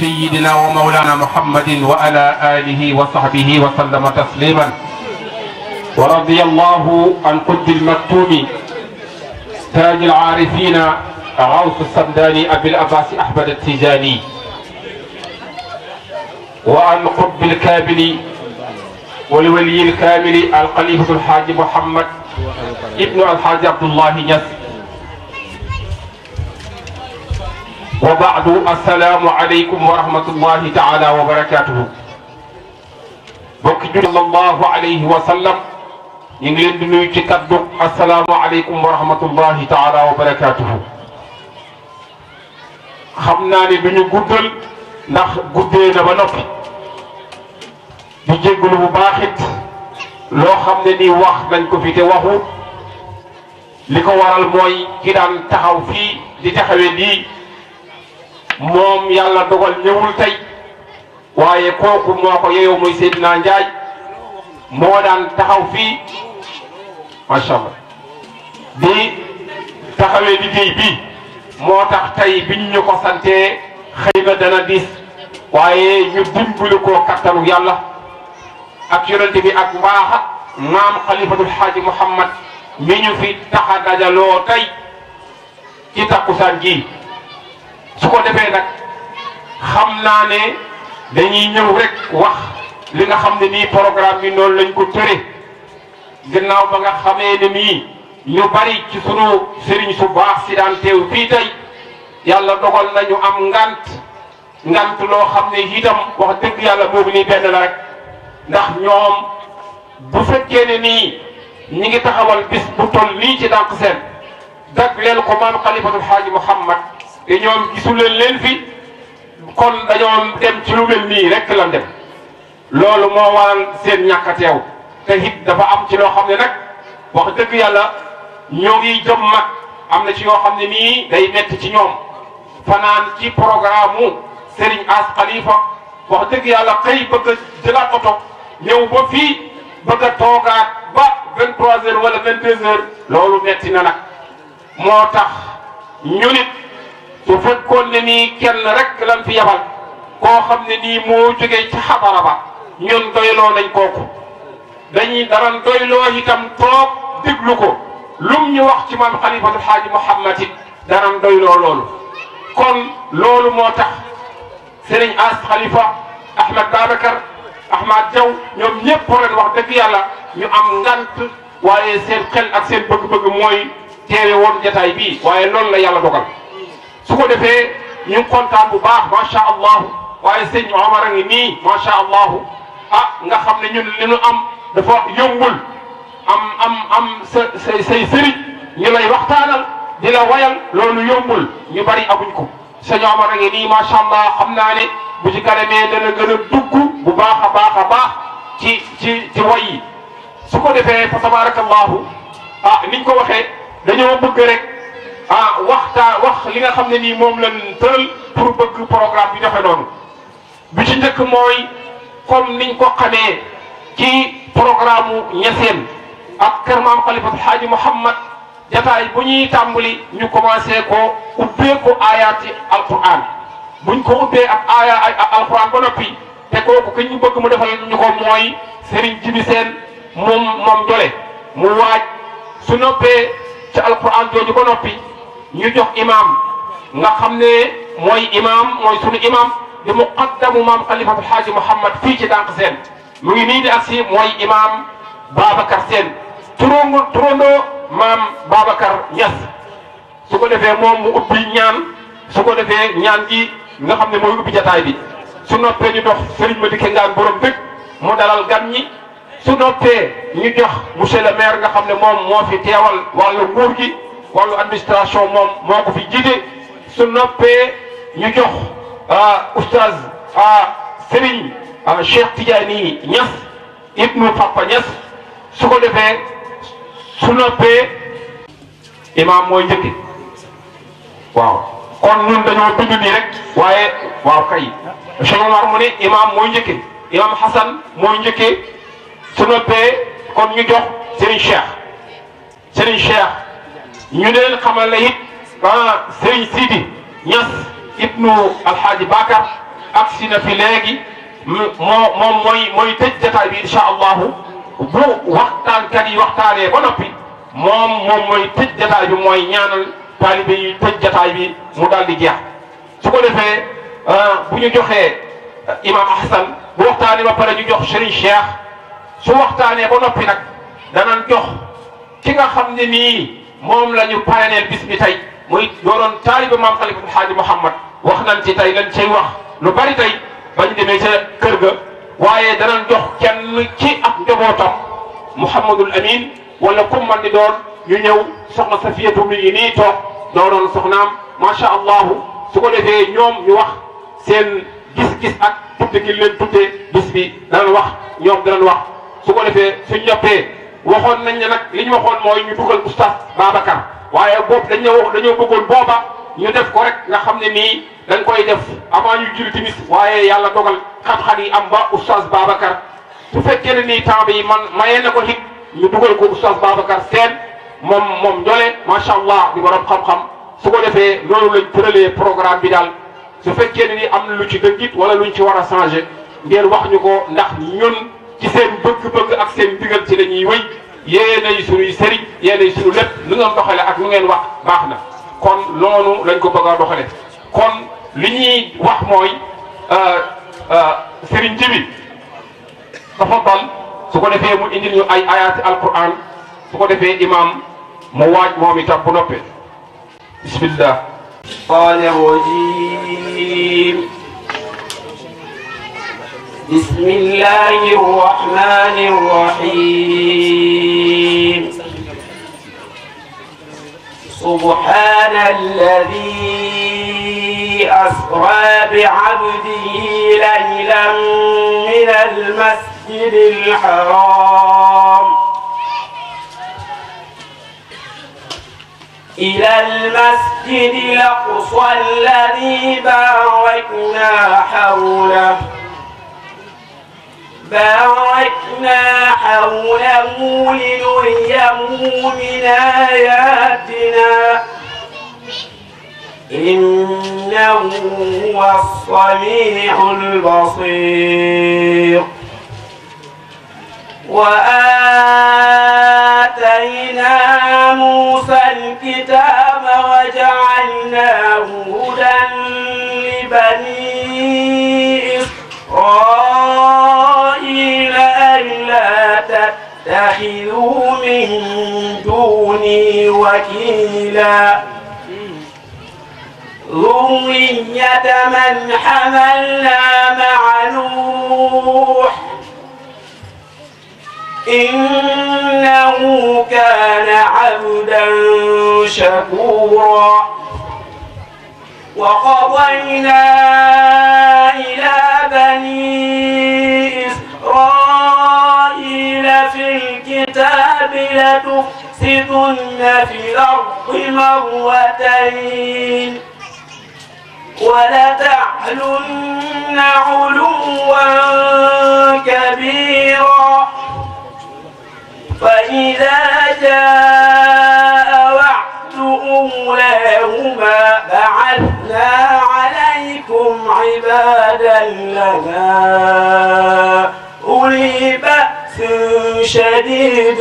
سيدنا ومولانا محمد وعلى آله وصحبه وسلم تسليما ورضي الله عن قد المكتوم تاج العارفين غوث السمداني أبي العباس أحمد التيجاني وعن قطب الكابل والولي الكامل القليفة الحاج محمد ابن الحاج عبد الله يس وبعد السلام عليكم ورحمة الله تعالى وبركاته بكتب الله عليه وسلم ينجلد نيكي السلام عليكم ورحمة الله تعالى وبركاته خمنا لبنو قدل نخ قدلنا بنوك بجي قلوب باخت لو خمنا ني واخ من كفيت واخو لكو ورا الموي كدان تخو في لتخوي دي, moom yàlla dogal ñëwul tey waaye kooku moo ko yeyoo muy Seydina Ndiaye moo daan taxaw fii macha allah di taxawee liggéey bi moo tax tey biñ ñu ko santee xëy na dana diis waaye ñu dimbali koo kattanu yàlla ak yonente bi ak mbaaxa maam xalifatul xaaji Muhammad mi fi tax a dajaloo ci takkusaan gi su ko defee nag xam naa ne dañuy ñëw rek wax li nga xam ne nii programme bi noonu lañ ko tëre gannaaw ba nga xamee ne nii ñu bari ci sunu sëriñ su baax si daan teew fii tey yàlla dogal nañu am ngant ngant loo xam ne itam wax dëgg yàlla boobu nii benn la rek ndax ñoom bu fekkee ne nii ñi ngi taxawal bis bu toll nii ci dàq seen dag leen ko maam xalifatul xaaji muhammad te ñoom gisuleen leen fi kon dañoo dem ci lu mel nii rek lan dem loolu moo waral seen ñàkk a teew te it dafa am ci loo xam ne nag wax dëgg yàlla ñoo ngi jëm mag am na ci yoo xam ne nii day metti ci ñoom fanaan ci programme mu Serigne As Khalifa wax dëgg yàlla xëy bëgg a jëlaat oto ñëw ba fii bëgg a toogaat ba 23h wala 22h loolu metti na nag moo tax ñu su fekkoon ne nii kenn rek lan fi yabal koo xam ne nii moo jógee ci xabara ba ñun doyloo nañ kooku dañuy daran doyloo itam toog déglu ko lum ñu wax ci maam xalifatul xaaji muhammad it daran doyloo loolu kon loolu moo tax sëriñ as xalifa ahmad babacar ahmad jaw ñoom ñépp ren wax dëgg yàlla ñu am ngant waaye seen xel ak seen bëgg-bëgg mooy teere woon jataay bii waaye loolu la yàlla dogal suko defé ñu contant bu baax ma sha allah waye sëñ Omar ngi ni ma sha allah ah nga xamné ñun li ñu am dafa yombul am am am sa say say sëriñ ñu lay waxtaanal di wayal lolu yombul ñu bari amuñ ko sëñ Omar ngi ni ma sha allah xamna naa ne bu ci kanamee da na gëna dugg bu baaxa baaxa baax ci ci ci way suko defé ko defee fa tabaarakallahu ah niñ ko waxé dañu bëgg rek. ah waxtaa wax li nga xam ne nii moom la tëral pour bëgg programme bi doxe noonu bi ci njëkk mooy comme niñ ko xamee ci programme ñeseen ak kër maam xalifatu xaaji Muhammad jataay bu ñuy tàmbali ñu commencé ko ubbee ko aayaati alquran buñ ko ubbee ak aaya alquran ba noppi te ko ki ñu bëgg mu defal ñu ko mooy seriñ Jibi Seen moom moom jole mu waaj su noppee ci alquran jooju ba noppi ñu jox imaam nga xamne moy imam moy mooy sunu imaam di muqaddamu maam xalifatul haji muhammad fi ci dank sen mu ngi ni di agsi moy imam babakar sen turongo turondoo mam babakar Niass su ko defé mom mu ubbi ñaan su ko defé ñaan gi nga xamne moy mooy ubbi jataay bi su noppé ñu dox Serigne Madické ngaan borom dëkk mu dalal gam ñi su noppé ñu jox monsieur le maire nga xamne mom mo fi téwal walu nguur gi wàllu administration moom moo ko fi jiite su noppee ñu jox ah, oustaz ah, Serigne ah, ibnu Papa Niass su ko defee mooy njëkk waaw kon ñun dañoo tudd nii waaye waaw kay Cheikh mu ne imaam mooy njëkk imaam Hassan mooy njëkk su kon ñu jox Serigne Cheikh Serigne ñu leen xamal la it ah Sëriñ Sidi Ñas ibnu Alxaaji Bakar ak si na fi léegi moo moom mooy mooy tëj jataay bi incha allahu bu waxtaankat yi waxtaanee ba noppi moom moom mooy tëj jataay bi mooy ñaanal taalibe yi tëj jataay bi mu daal di jeex su ko defee bu ñu joxee imam Ahsan bu waxtaanee ba pare ñu jox Serigne Cheikh su waxtaanee ba noppi nag danan jox ki nga xam ne nii. moom la ñu payaneel bis bi tey muy dooroon taaliba maam xalifatul xaaji Muhammad wax nañ ci tey lañ cay wax lu bari tey bañ demee ca kër ga waaye danañ jox kenn ci ak njabootam Mouhamadul Amin wala ku man di doon ñu ñëw soxna Safiyatu mi ngi nii toog doonoon soxnaam macha allah su ko defee ñoom ñu wax seen gis-gis ak tudde gi leen tuddee bis bi danañ wax ñoom danañ wax su ko defee suñ ñoppee waxoon nañ ne nag li ñu waxoon mooy ñu dugal oustaz Babacar waaye boobu dañ ne wax dañoo bëggoon booba ñu def ko rek nga xamne ni nii dañ koy def avant ñu jiru timis waye yàlla dogal xat-xat yi am ba oustad babakar su fekkee ni nii temps bi man maye na ko hit ñu dugal ko oustaz Babacar seen mom jole ma sha allah di borom xam-xam su ko defee loolu lañ tëralee programme bi dal su fekkee ni am lu ci dëggit wala luñ ci wara changer ngeen wax ñu ko ndax ñun ci seen bëgg-bëgg ak seen ndigal ci la ñuy wéy yéenay suñuy sëriñ yéenay suñu lépp lu ngeen doxale ak lu ngeen wax baax na kon loolu lañ ko bëgg a doxale kon li ñuy wax mooy sëriñ ji bi dafa bal su ko defee mu indil ñu ay ayaati alquran su ko defee imam mu waaj moom itam bu noppee bismillah qaala rajim بسم الله الرحمن الرحيم سبحان الذي أسرى بعبده ليلا من المسجد الحرام إلى المسجد الأقصى الذي باركنا حوله باركنا حوله لنريه من آياتنا إنه هو الصميع البصير وآتينا موسى الكتاب وجعلناه هدى لبني إسرائيل اتخذوا من دوني وكيلا ذرية من حملنا مع نوح إنه كان عبدا شكورا وقضينا إلى بني الكتاب لتفسدن في الأرض مرتين ولتعلن علوا كبيرا فإذا جاء وعد أولاهما بعثنا عليكم عبادا لنا شديد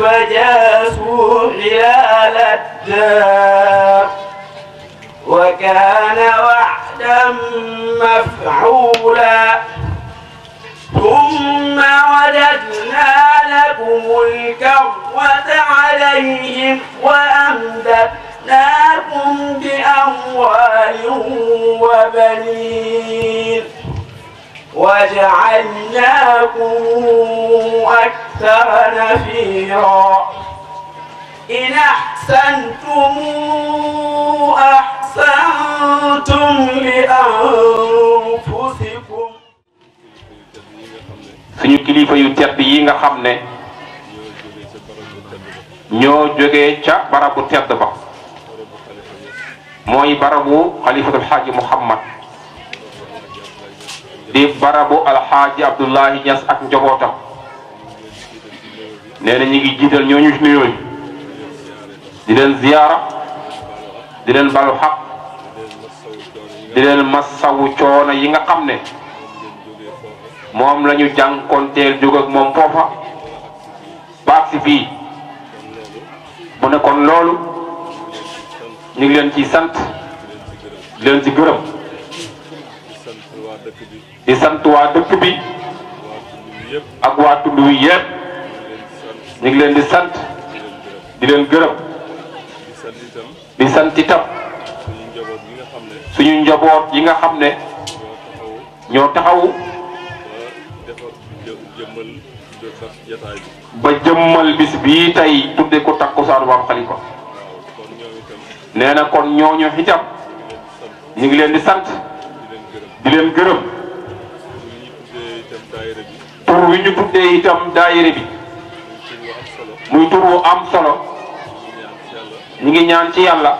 فجاسوا خلال الدار وكان وعدا مفعولا ثم وجدنا لكم الكرة عليهم وأمددناكم بأموال وبنين وجعلناكم أكثر نفيرا إن أحسنتم أحسنتم لأنفسكم سنو كليفة يتقي ينغا نيو جوغي تشا بارابو تيادبا موي بارابو خليفة الحاج محمد di barabu alxaaji Abdullahi Niass ak njabootam nee na ñu ngi jiital di leen ziyaara di leen balu xaq di massawu coono yi nga xam ne moom la ñu jànkonteel jóg ak moom foofa baag fii mu ne kon loolu ñu ngi leen ciy sant di ci gërëm. di sant wa dekk bi ak wa tund yeb ñi ngi leen di sant di leen gërëm di sant itam suñu njaboot yi nga xamne ño taxaw ba jëmmal bis bi tay tudde ko takkusaanu wa Khalifa neena kon ñoño hitam ñi ngi leen di sant di leen gërëm tur wi ñu tuddee itam daayira bi muy tur wu am solo ñu ngi ñaan ci yàlla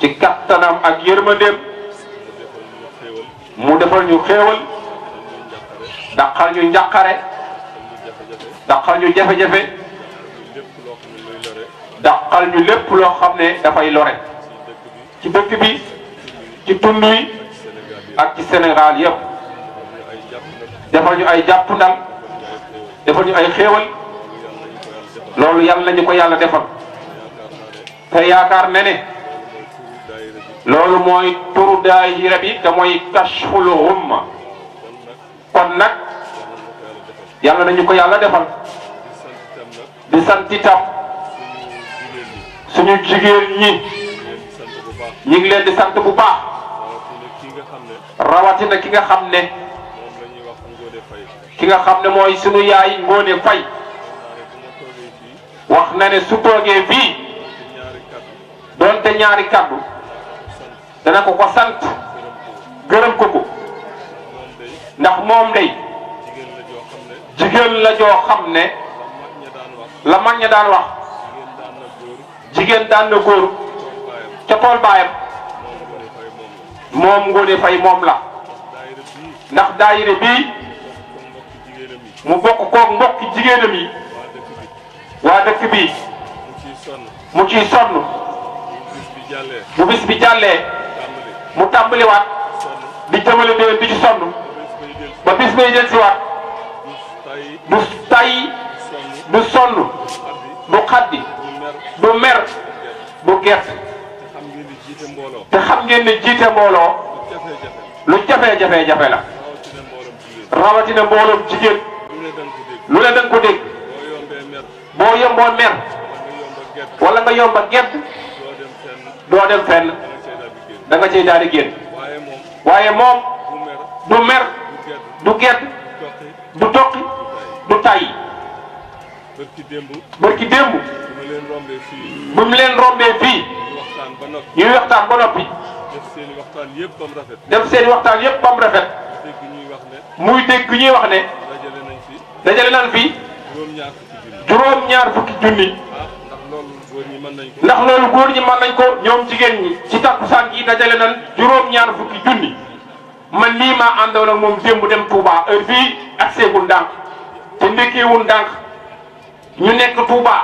ci kattanam ak yërmandeem mu defal ñu xéewal daqal ñu njàqare daqal ñu jafe-jafe daqal ñu lépp loo xam ne dafay lore ci dëkk bi ci tund wi ak ci Sénégal yëpp defal ñu ay jàpp ndal defal ñu ay xéewal loolu yàlla ñu ko yàlla defal te yaakaar ne ne loolu mooy turu daayira bi te mooy kashful xumma kon nag yàlla nañu ko yàlla defal di sant itam suñu jigéen ñi ñu leen di sant bu baax rawatina ki nga xam ne ki nga xam ne mooy sunu yaay ngoone Faye wax na ne su toogee fii doonte ñaari kaddu dana ko ko sant gërëm ko ko ndax moom lay jigéen la joo xam ne la mag ña daan wax jigéen daan na góor ca tool baayam moom Ngoné Faye moom la ndax daayire bii mu bokk ko mbokki jigéenam yi waa dëkk bi mu ciy sonn bu bis bi jàllee mu tàmbaliwaat di jëmale déwén di ci sonn ba bis bay jël si waat du tay du sonn du xaddi du mer du gert te xam ngeen ne jiite mbooloo lu jafee jafe jafe la rawatina mbooloom jigéen lu ne da nga ko dégg boo yomboo mer wala nga yomba gedd doo dem fenn danga nga cay daal di génn waaye moom du mer du gedd du toqi du tàyyi bërki démb bu mu leen rombee fii ñuy waxtaan ba noppi def seeni waxtaan yëpp ba mu rafet muy dégg ñuy wax ne dajale nan fii juróom-ñaar fukki junni ndax loolu góor ñi mën nañ ko ñoom jigéen ñi ci takkusaan gi dajale nan juróom-ñaar fukki junni man lii ma àndoon moom démb dem Touba heure bii ak seegul ndànk te ndékkeewul ndànk ñu nekk Touba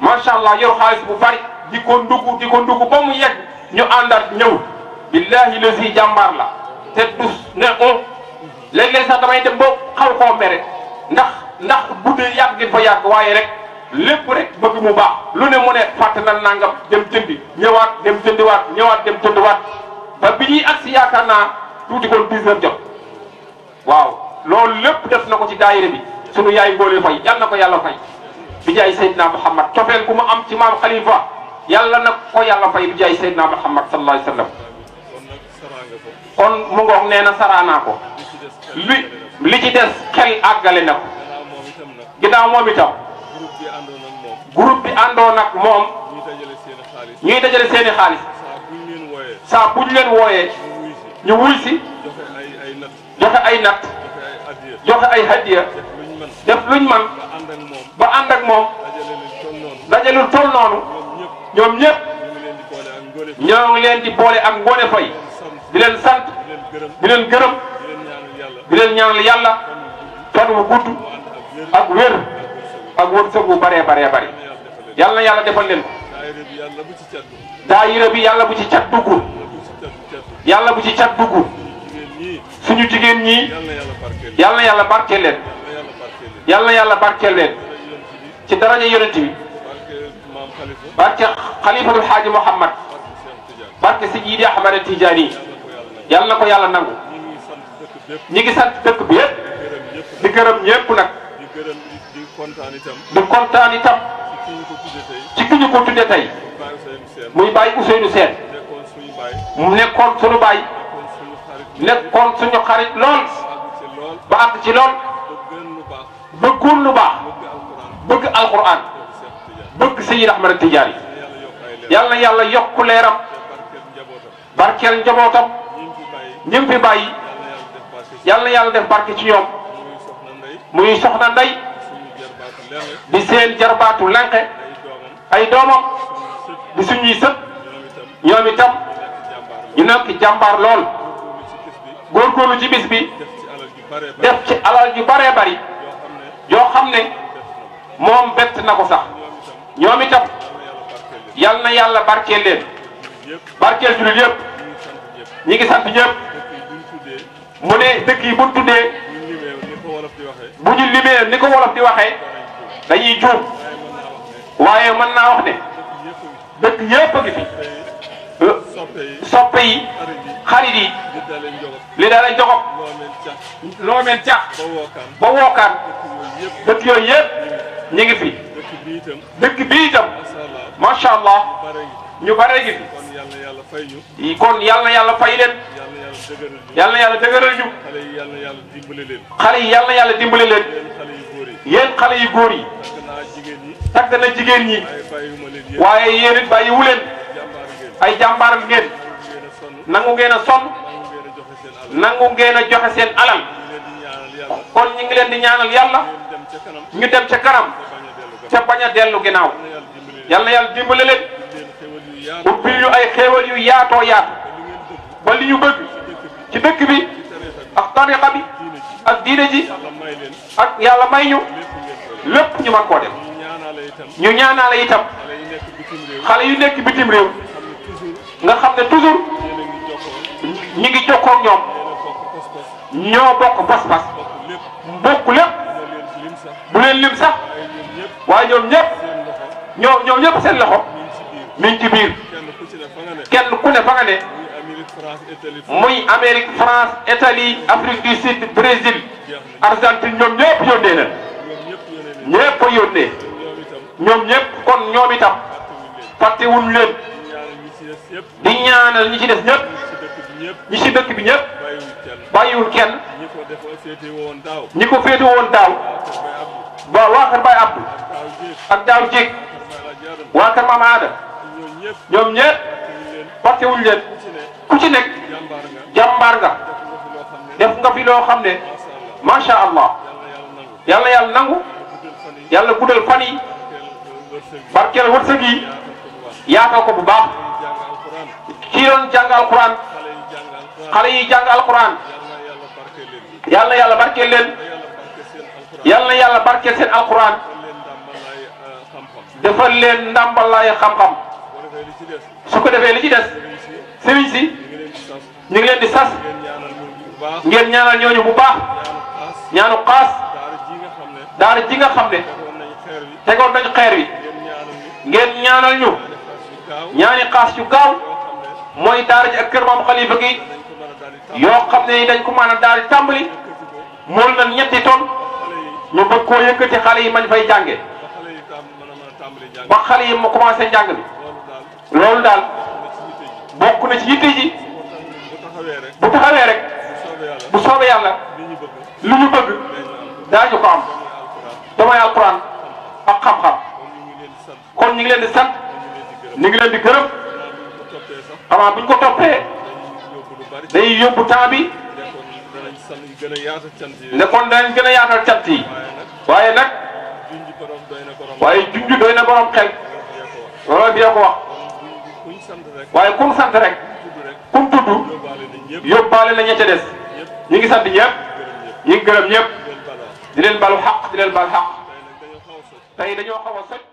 macha allah yor xaalis bu bari di ko ndugg di ko ndugg ba mu yegg ñu àndaat ñëw billahi lesi jàmbaar la te dus ne on léeg-léeg sax damay dem ba xaw koo ndax ndax bu dee yàgg ngeen fa yàgg waaye rek lépp rek ba mu baax lu ne mu ne fàtte na nangam dem jëndi ñëwaat dem jëndiwaat ñëwaat dem jëndiwaat ba bi ñuy si yaakaar naa tuuti kon 19 jot waaw loolu lépp def na ko ci daayira bi sunu yaay mboolee fay yal na ko yàlla fay bi jaay Seydina Muhammad cofeel ku mu am ci maam Khalifa yàlla na ko yàlla fay bi jaay Seydina Muhammad sallallahu alayhi wa sallam kon mu ngoog na saraa naa ko li li ci des xel àggale na ko ginnaaw moom itam groupe bi àndoon ak moom ñuy dajale seeni xaalis saa buñ leen wooyee ñu wuy si joxe ay natt joxe ay hadiya def luñ man ba ànd ak moom dajalul toll noonu ñoom ñëpp ñoo ngi leen di boole ak Ngoné Faye di leen sant di leen gërëm di leen ñaanal yàlla fan wu gudd ak wér ak wërsëg bu baree baree bari yàlla na yàlla defal leen ko daayira bi yàlla bu ci cat duggul yàlla bu ci cat duggul suñu jigéen ñi yàlla na yàlla barkeel leen yàlla yàlla barkeel leen ci daraja yonent bi barke xalifatul xaaji Muhammad barke si jiidi Ahmad Tijaani yàlla na ko yàlla nangu. ñi ngi sant dëkk bi yëpp di gërëm ñëpp nag di kontaan itam di kontaan itam ci ki ñu ko tudde tey muy Baye Ousseynou Sène mu nekkoon suñu baay nekkoon suñu xarit lool ba àgg ci lool bëggoon lu baax bëgg alquran bëgg Seyyid Ahmad Tijaani yàlla yàlla yokk leeram barkeel njabootam ñi fi bàyyi yàlla yàlla def barke ci ñoom muy soxna nday di seen jarbaatu lenqe ay doomam di suñuy sët ñoom itam ñu nekk jàmbaar lool góorgóorlu ci bis bi def ci alal yu bëree bëri yoo xam ne moom bett na ko sax ñoom itam yal na yàlla barkeel leen barkeel jullit yëpp ñi ngi sant ñëpp. mu ne dëkk yi bu ñu bu ñu limee ni ko wolof di waxee dañuy juum waaye mën naa wax ne dëkk yépp a ngi fi soppe xarit yi li daa leen joxob loo ba wookaan dëkk yooyu yépp ñu ngi fi dëkk bi itam macha allah ñu bare gi kon yalla yalla fay ñu yalla yalla fay len yalla yalla deugural ñu xalé yalla yalla dimbalé len xalé yeen xalé yi goor yi tak na jigen ñi waye yeen it bayyi wulen ay jambar ngeen nangu ngeena son nangu ngeena joxe sen alal kon ñi ngi len di ñaanal yalla ñu dem ci karam ca baña delu ginaaw yalla yalla dimbali len ubbil ñu ay xéewal yu yaatoo yaatu ba li ñu bëgg ci dëkk bi ak tariqa bi ak diine ji ak yàlla may ñu lépp ñu mën koo def ñu ñaanaale itam xale yu nekk bitim réew nga xam ne toujours ñi ngi jokkoo ak ñoom ñoo bokk pas-pas bokk lépp bu leen lim sax waaye ñoom ñëpp ñoom ñoom ñëpp seen loxo. mi ngi ci biir kenn ku ne fa nga ne muy Amérique France Italie Afrique du Sud Brésil Argentine ñoom ñëpp yónnee na ñëpp a yónnee ñoom ñëpp kon ñoom itam fàttewuñ leen di ñaana ñi ci des ñëpp ñi ci dëkk bi ñëpp bàyyiwul kenn ñi ko féete woon daaw waaw waa kër Baye Abdou ak daaw jéeg waa kër Mama ñoom ñëpp fàttewuñ leen ku ci nekk jàmbaar nga def nga fi loo xam ne macha allah yàlla yàlla nangu yàlla guddal fan yi barkeel wërsëg yi yaatoo ko bu baax ci doon jàng alquran xale yi jàng alquran yàlla yàlla barkeel leen yàlla yàlla barkeel seen alquran defal leen ndàmbalaay xam-xam. su ko defee li ci des sëriñ si ñu ngi leen di sas ngeen ñaanal ñooñu bu baax ñaanu xaas daara ji nga xam ne te tegoon nañu xeer wi ngeen ñaanal ñu ñaani xaas yu gaaw mooy daara ji ak kër maam xalifa gi yoo xam ne dañ ko mën a daal di tàmbali mool na ñetti ton ñu bëgg koo yëkkati xale yi mañ fay jànge ba xale yi mu commencé njàng bi loolu daal bokk na ci yitte ji bu taxawee rek bu soobee yàlla lu ñu bëgg daañu ko am damay alquran ak xam-xam kon ñu leen di sant ñu ngi leen di gërëm xamaa bu ñu ko toppee dañuy yóbbu temps bi ne kon danañ gën a yaatal cant yi waaye nag waaye junj doy na borom xel loolu bi ko wax. waaye kum sant rek kum tudd yóbbaale la ña ca des ñi ngi sant ñëpp ñi ngi gërëm ñëpp di leen balu xaq di leen bal xaq tey dañoo xaw a soj